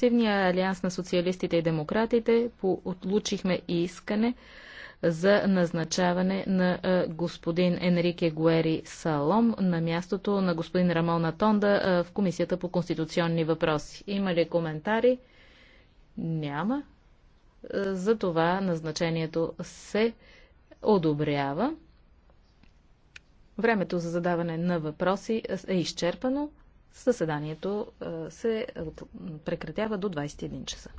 Консервативния алианс на социалистите и демократите получихме искане за назначаване на господин Енрике Гуери Салом на мястото на господин Рамон Атонда в Комисията по конституционни въпроси. Има ли коментари? Няма. За това назначението се одобрява. Времето за задаване на въпроси е изчерпано. Съседанието е, се е, прекратява до 21 часа.